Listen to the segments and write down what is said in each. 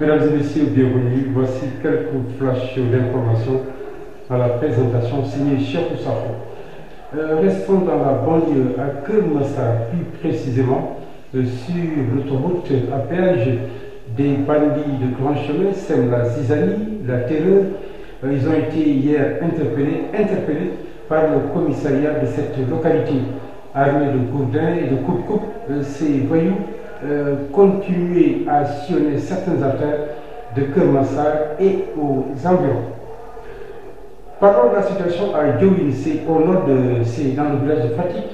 Mesdames et messieurs, bienvenue. Voici quelques flashs d'informations à la présentation signée Cheikh Oussafo. Euh, restons dans la banlieue à Keur Massar, plus précisément euh, sur l'autoroute à péage. Des bandits de grand chemin sèment la zizanie, la terreur. Euh, ils ont été hier interpellés, par le commissariat de cette localité. Armés de gourdins et de coupe-coupe, euh, ces voyous euh, continuer à sillonner certaines artères de Kermassar et aux environs. Parlons de la situation à Diohine, c'est au nord c'est dans le village de Fatick.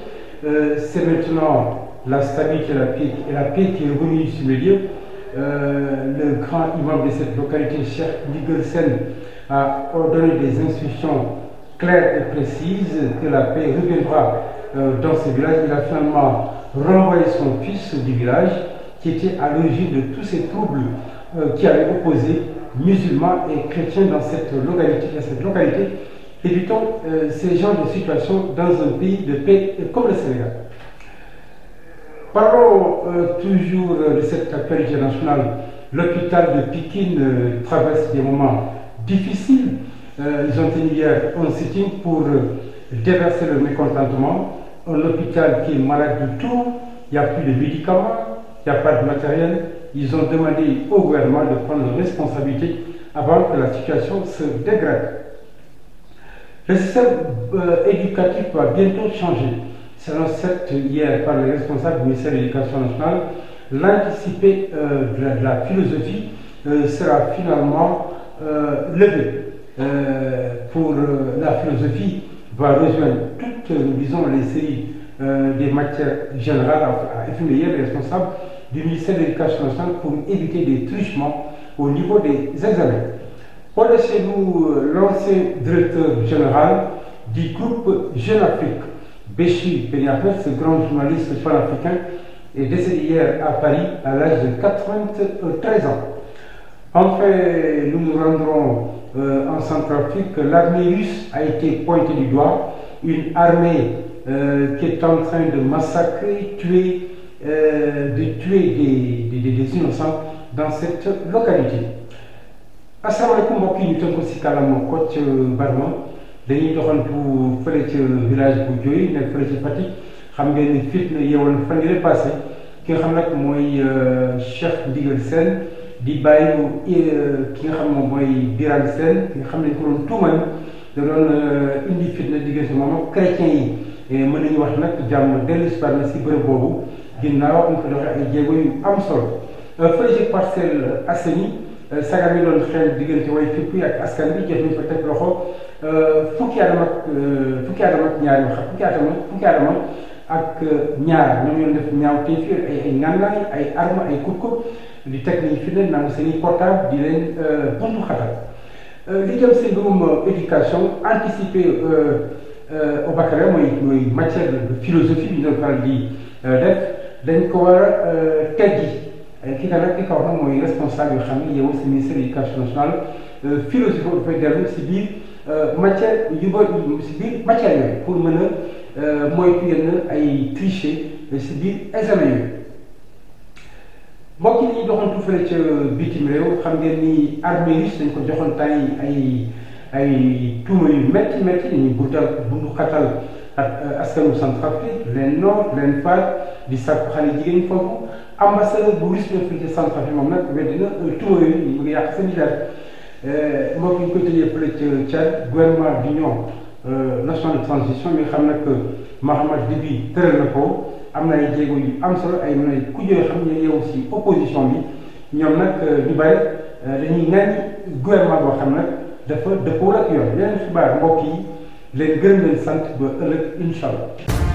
Euh, c'est maintenant la stabilité et la paix, qui est revenue sur le lieu. Euh, le grand imam de cette localité, Cheikh Ndigal Sène, a ordonné des instructions claires et précises que la paix reviendra euh, dans ce village. Il a finalement renvoyer son fils du village qui était à l'origine de tous ces troubles euh, qui avaient opposé musulmans et chrétiens dans cette localité. Évitons euh, ces genres de situations dans un pays de paix comme le Sénégal. Parlons euh, toujours de cette appel internationale. L'hôpital de Pékin euh, traverse des moments difficiles. ils ont tenu hier pour déverser le mécontentement l'hôpital qui est malade du tout, il n'y a plus de médicaments, il n'y a pas de matériel. Ils ont demandé au gouvernement de prendre responsabilité avant que la situation se dégrade. Le système euh, éducatif va bientôt changer. Selon cette hier par les responsables du ministère de l'Éducation nationale, l'anticipé euh, de, la philosophie euh, sera finalement euh, levé pour la philosophie va rejoindre toutes, euh, disons, les séries euh, des matières générales à FMIR responsable du ministère de l'Éducation nationale pour éviter des truchements au niveau des examens. Paul nous euh, l'ancien directeur général du groupe Jeune Afrique, Béchi Beniafet, ce grand journaliste panafricain, est décédé à Paris à l'âge de 93 Enfin, nous nous rendrons euh, en Centrafrique. L'armée russe a été pointée du doigt. Une armée euh, qui est en train de massacrer, tuer, euh, de tuer des, des, des, innocents dans cette localité. Assalamu alaikum mbokk yi ñu tënk si kàllaama Kocc euh, Barma dañuy doxantu fële ca village bu Dioy nekk fële ca Fatick xam ngeen ni fitna yeewal fan yële passé ki nga xam nag mooy euh, Cheikh Ndigal Sène di bàyyi eh, ki nga xam moom mooy Birane Sène ki nga xam ne ko doon tuumal da doon eh, indi fitna diggante moom ak chrétien yi eh, mën nañu wax nag jàmm dellu si na si bërëb boobu ginnaaw am fa doxe ay jéego yu am solo fële ci Parcelles Assainies sagar yi doon xel diggante way fipp yi ak askan bi jot nañ fa teg loxo fukki aadama ak fukki aadama ak ñaari fukki aadama fukki aadama ak ñaar ñoom ñoo def ñaaw teef yooyu ay ay ngànnaay ay arme ay kurkur di teg nañ fi ne naan seen i portable di leen euh, buntu xatal euh, li jëm si mbirum euh, éducation anticipée au baccalauréat mooy mooy matière de philosophie bi ñu doon faral di def dañ ko war a teggi ki ka nag ki ka wax nag mooy responsable yoo xam ne yow si ministère éducation nationale philosophie boobu dafay dellu si biir matière yu bëri si biir matière yooyu pour mën Euh, moytu yenn ay tricher si biir examen yi mbokk yi ñuy doxantu fële ca bitim réew xam ngeen ni armée dañ ko joxoon tay ay ay tuuma yu métti métti ñu guddal bundu xatal ak euh, askanu Centrafrique leen noor leen faaj di sàkku xale jigéen ñi foofu ambassadeur bu russe na fii ci Centrafrique moom nag weddi na euh, tuuma yooyu ñu ngi yàq seen i dara mbokk yi ñu ko tëjee fële ca Tchad gouvernement ñoom. Euh, notion de transition yi nga xam nag Mahamad Dibi tëral na am na ay jéego yu am solo ay mën a kujjee xam ne yow si opposition bi ñoom nag euh, ñu bari euh, dañuy naan gouvernement boo xam nag dafa dëppoo ak yoon yeneen xibaar mbokk yi leen gërëm leen sant ba ëllëg incha allah.